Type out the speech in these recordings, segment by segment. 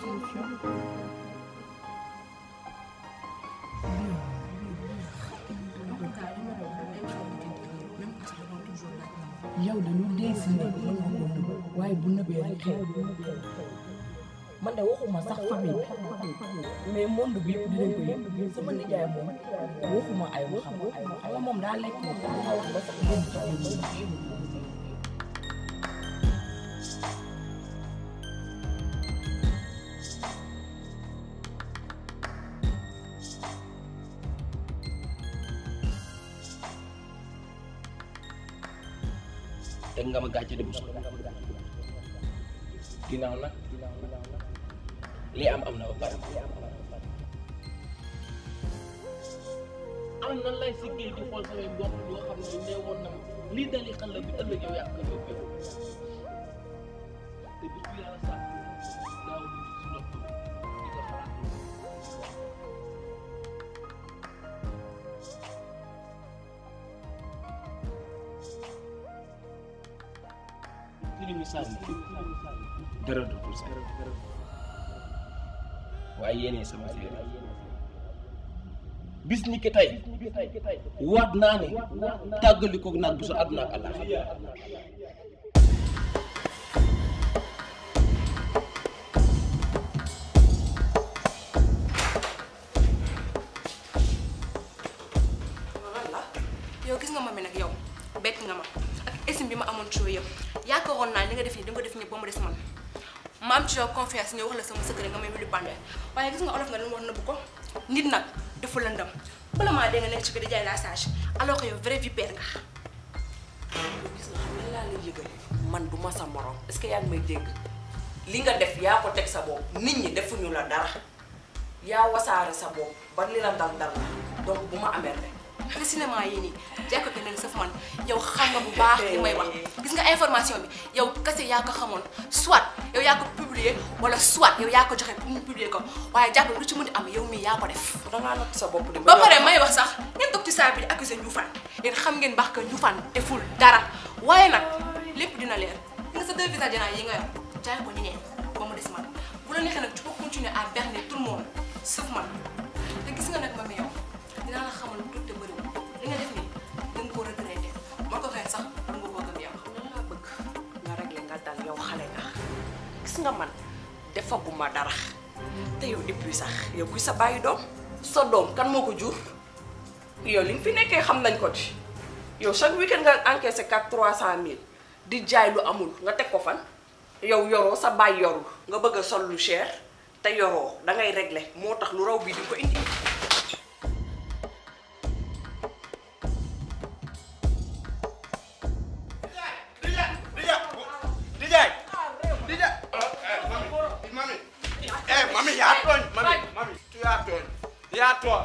solution. yow dañu dee si nekk waaye bu nëbbee rek xew man de waxuma sax famille mais monde bi yëpp dinañ ko sama nijaay moom waxuma ay waxam ay moom daa lekk moom daa wax ba sax nga ma gàcce dem suuf ginnaaw nag am am na ba pare. am na lay si géej xool samay mbokk xam ne nee woon na lii dali xel la bi ëllëg yow yaa ko dara du tuuti waaye yéene sama séeréer bis ni ki tey waat naa ne tàggalikoog naag bisu àdduna ak àllaaxira yaakaaroon naa li nga def nii dama ko def ñëpp ba mu des man ma am ci yow confiance ñëw wax la sama secret nga may wuli bande waaye gis nga olof nga dañu ko nit nag dafa lëndam bala maa dee nga nekk ci biir la sage alors que yow vrai vipère man du ma sa morom est que yaa ngi may dégg nga def yaa ko teg sa bopp nit ñi defuñu la dara yaa wasaare sa bopp ba la dal dal donc bu ma amee rek précisément yii nii jàkka ko leen saf man yow xam nga bu baax li may wax gis nga information bi yow kese yaa ko xamoon soit yow yaa ko publier wala soit yow yaa ko joxe pour mu publier ko waaye jàpp ko def. dangaa ba que Ndioufane deful dara waaye nag mu des man bu la neexee nag tu peux continuer à berner tout le monde sauf man te gis nga nag ma yow. nga man te defaguma dara te yow depuis sax yow kuy sa bàyyi doom sa doom kan moo ko jur yow li nga fi nekkee xam nañ ko di yow chaque weekend nga encaissé quatre trois cent mille di jaay lu amul nga teg ko fan yow yoroo sa baay yorul nga bëgg a sol lu cher te yoroo da ngay régler moo tax lu raw bii di ko indi. yaa tooy.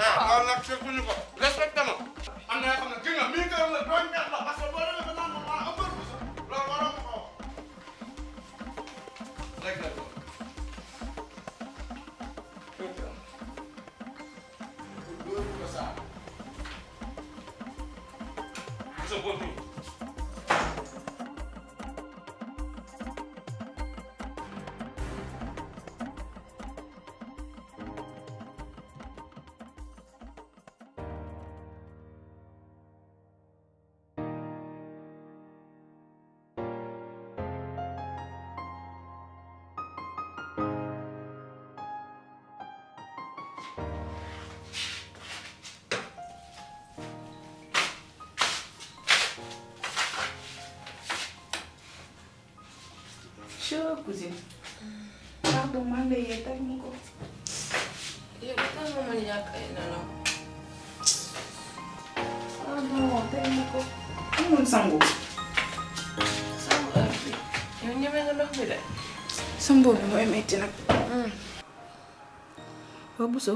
ah ah loolu nag fekkuñu ko. chère cousine. pardon maa ngi lay yow bi mooy metti nag. waaw Bousso.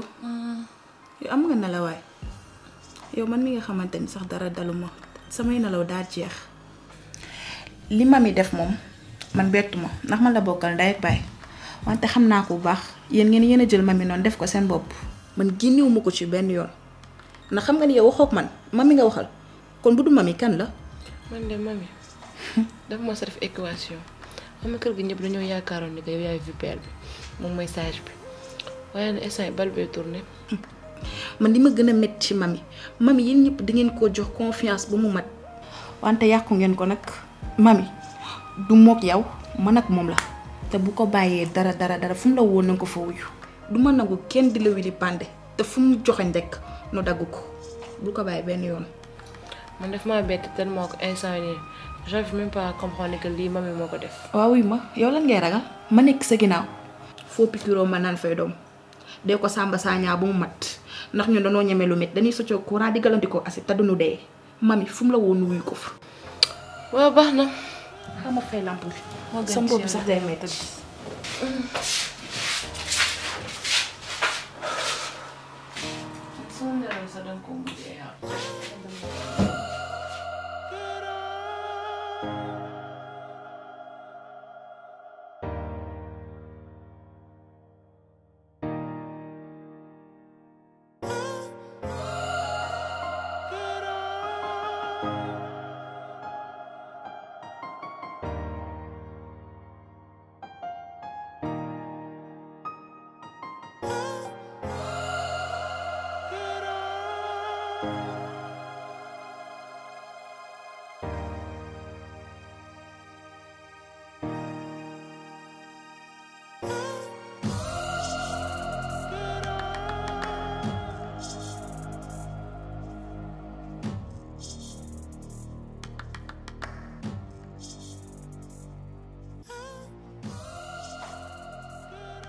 yow am nga nelawaay. yow man mi nga xamante ni sax dara daluma samay nelaw daa jeex. li mi def moom. man bettu ma ndax man la bokkal ndey ak baay wante xam naa ko bu baax yéen ngeen yéen a jël mami noonu def ko seen bopp. man génnewuma ko ci benn yoon ndax xam nga ni yow waxook man mami nga waxal kon bu du mami kan la. man de mami dafa ma sa def équation kër gi ñëpp dañoo yaakaaroon ni que yow yaay bi moom mooy sage bi waaye nag instant man li ma gën a métti ci mami mami yéen ñëpp dangeen ko jox confiance bu mu mat. wante yàqu ngeen ko nag mami. du moog yow man ak moom la te bu ko bàyyee dara dara dara fu mu la woon na nga ko fa wuyu du ma nangu kenn di la wili bande te fu mu joxeñ rek nu dagg ko bu ko bàyyi benn yoon. man daf maa bett tellement que instant yii j'arrive même pas à comprendre que lii mami moo ko def. waaw wuy ma yow lan ngay ragal ma nekk sa ginnaaw. foo pikiroo ma naan fay doom dee ko sàmba saañaa ba mu mat ndax ñun dañoo ñeme lu métti dañuy soccoo courant di galantikoo acide te duñu dee mami fu mu la woon wuyu ko fa. waaw baax na. xam nga fay lamp bi. moo gën sa mbóot bi sax day may tëdd. su ma sa doon ko mujjee.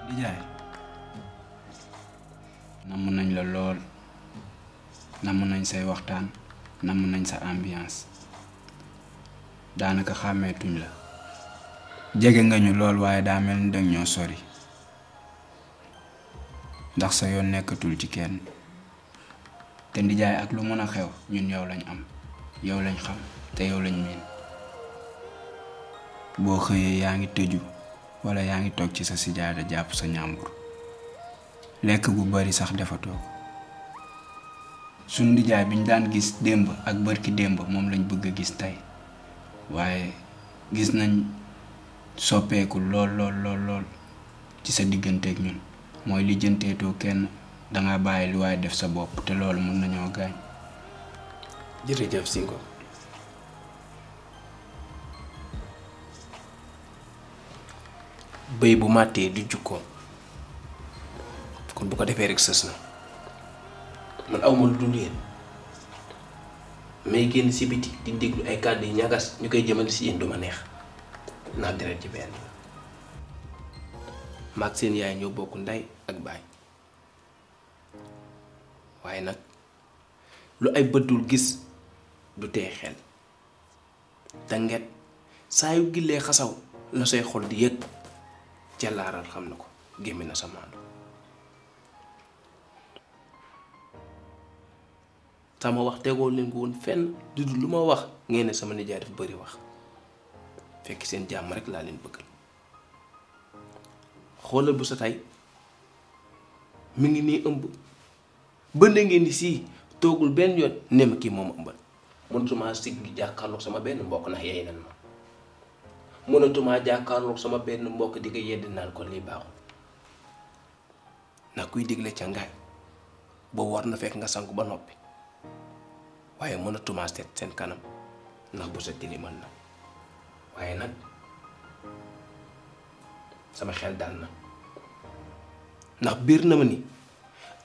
Nijaay namm nañ la lool namm nañ say waxtaan namm nañ sa ambiance daanaka xàmmeetuñ la jege nga ñu lool waaye daa mel ni danga ñoo sori ndax sa yoon nekkatul ci kenn te ndijaay ak lu mën a xew ñun yow lañ am yow lañ xam te yow lañ miin boo xëyee yaa ngi tëju walla yaa ngi toog ci sa sijaada jàpp sa ñàmbur lekk gu bari sax defatoo ko suñ ndijaay bi ñu daan gis démb ak bërki démb moom lañ bëgg a gis tey waaye gis nañ soppeeku lool lool lool ci sa digganteeg ñun mooy lijjanteetoo kenn danga bàyyi lu waay def sa bopp te loolu mën nañoo gaañ. jërëjëf Singo. bëy bu màttee du jukkoon kon bu ko defee rek sës na man awma lu dul yéen may génn si biti di déglu ay kàddu yu ñagas ñu koy jëmale si yéen du neex. naa deret ji benn maag seen yaay ñoo bokk ndey ak baay waaye nag lu ay bët gis du tee xel danget saa yu gillee xasaw la say xol di yëg ca xam na ko gémmi na sa maandu sama wax tegoo leen ko woon fenn du lu ma wax ngeen sama nijaay dafa bari wax fekk seen jàmm rek laa leen bëggal xoolal bu sa tay mi ngi nii ëmb bënd ngeen di sii toogul benn yoon nem kii moom ëmbal mënatumaa sigg jàkkaarloog sama benn mbokk ndax yey nan ma sama benn mbokk di ko yedd naan ko lii baaxul ndax kuy digle ca ngaay boo war na fekk nga sangu ba noppi waaye mënatumaa seet seen kanam ndax bu sa tilimal na waaye nag sama xel dal na ndax biir na ma ni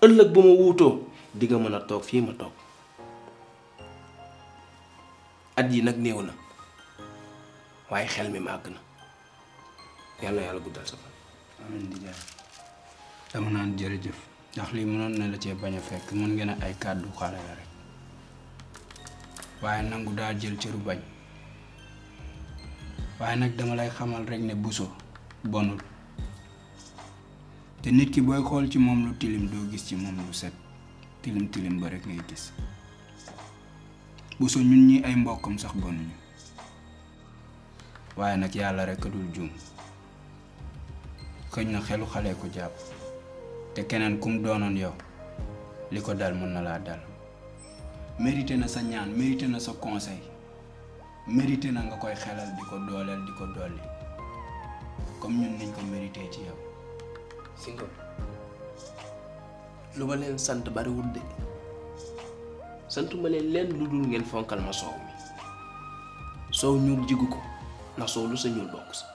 ëllëg bu ma wuutoo di nga mën a toog fii ma toog at yi nag néew na waaye xel mi màgg na yàlla yàlla guddal sa fan. amiin di jaay jërëjëf ndax lii mënoon na la cee bañ a fekk mën ngeen ay kàddu xale ya rek waaye nangu daa jël cëru bañ. waaye nag dama lay xamal rek ne buso bonul te nit ki booy xool ci moom lu tilim doo gis ci moom lu set tilim tilim ba rek ngay gis Bousso ñun ñi ay mbokkam sax bonuñu waaye nag yàlla rek a dul juum xëñ na xelu xale ko jàpp te keneen kum doonoon yow li ko dal mën na laa dal mérité na sa ñaan mérité na sa conseil mérité na nga koy xelal di ko dooleel di ko dolli comme ñun niñ ko mérité ci yow. Cinco lu ma leen sant bariwul de sant leen leen lu dul ngeen fonkal ma soow mi soow ñuul jigu ko ndax soow lu sa ñuul bokk si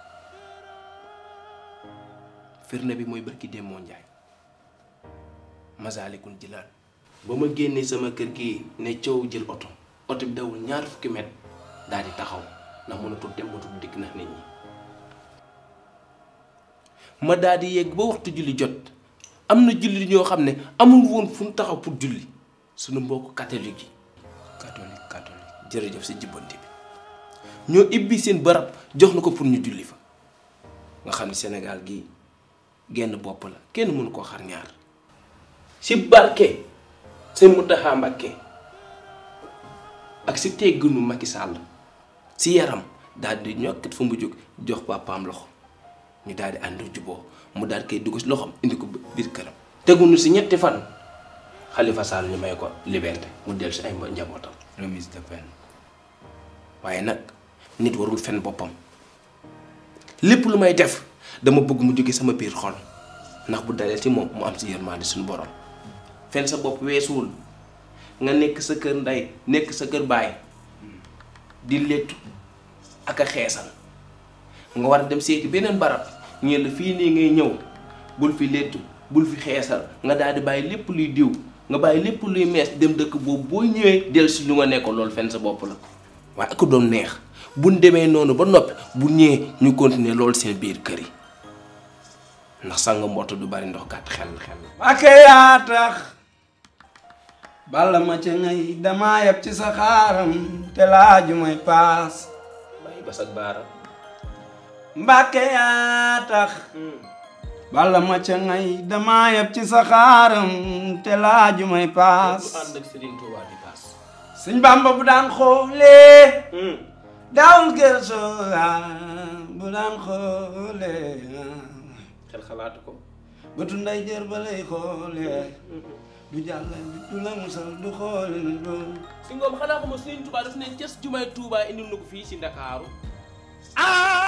firnde bi mooy barki Demba Ndiaye Masaalikul Jilaan ba ma génnee sama kër gi ne coow jël oto oto bi dawul ñaar fukki mètre. daal taxaw ndax mënatul dem mënatul dikk ndax nit ñi ma daal di yegg ba waxtu julli jot am na julli ñoo xam ne amul woon fu mu taxaw pour julli suñu mbokk catholique yi catholique catholique jërëjëf si jibbante bi ñoo ibbi seen barab jox na ko pour ñu julli fa nga xam ne Sénégal gi genn bopp la kenn mënu koo xarñaar ñaar si barke seen Mountakha Mbacké ak si tegginu Macky Sall si yaram daal di ñokkat fa mu jóg jox papaam loxo ñu daal di ànd juboo mu daal koy dugg si loxoom indi ko biir këram teguñu si ñetti fan xalifa Sall ñu may ko liberté mu dellu si ay njabootam remise de peine waaye nag nit warul fen boppam lépp lu may def dama bëgg mu jóge sama biir xol ndax bu dalee ci moom mu am si yërmande suñu borom fen sa bopp weesuwul nga nekk sa kër ndey nekk sa kër baay di léttu ak a xeesal nga war a dem seeti beneen barab ñu la fii nii ngay ñëw bul fi léttu bul fi xeesal nga daal di bàyyi lépp luy diw nga bàyyi lépp luy mees dem dëkk boobu boo ñëwee del si lu nga nekkoon loolu fenn sa bopp la waaye ak doon neex buñ demee noonu ba noppi bu ñëwee ñu continuer loolu seen biir kër yi ndax sanga mbott du bari ndox gàtt xel xel. ak yaa tax. balla ma ca ngay dama yab ci sa xaaram te laaju paas bàyyi bas ak hmm. ma ca ngay dama yab ci sa xaaram te laaju paas sëñ bàmba bu daan xoolee hmm. daawul gërsoo bu daan xoolee xel xalaatu ko bëtu nday jër du jàllan du la musal du xoolal doom si ngoom xanaa xama Sëriñ Tuubaa daf ne ces jumaay Tuubaa indi na ko fii si Ndakaaru ah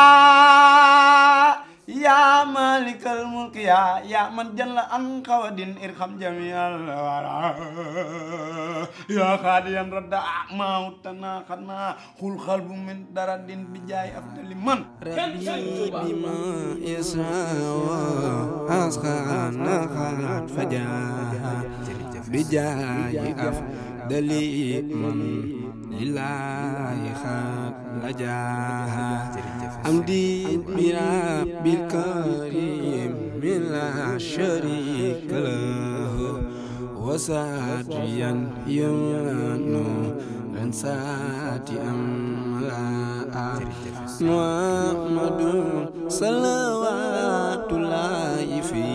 yaa man jël la an xawadin irham al wara yaa xaadiyan radda ah, maawtana xana xul xal bu min dara din bi jaay afdali man bi ma isaawa asxaana xaat fajaa bi lillahi xaat la jaa bi rabbil karim حمد لا شريك له وسعديا يمن عن ساتي أملا محمد صلوات الله في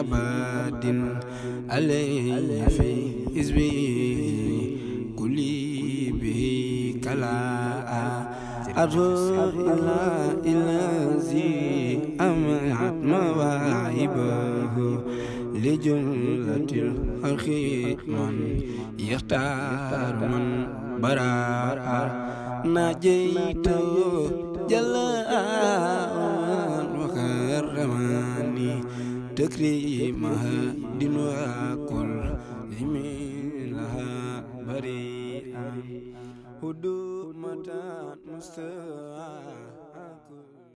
أبد عليه في حزبه كل به كلا أبو إلا إلا لجلة الحقيق من يختار من براء نجيت جلاء وكرمني تكريمها دين وكل لها بريئا هدوء متى مستعان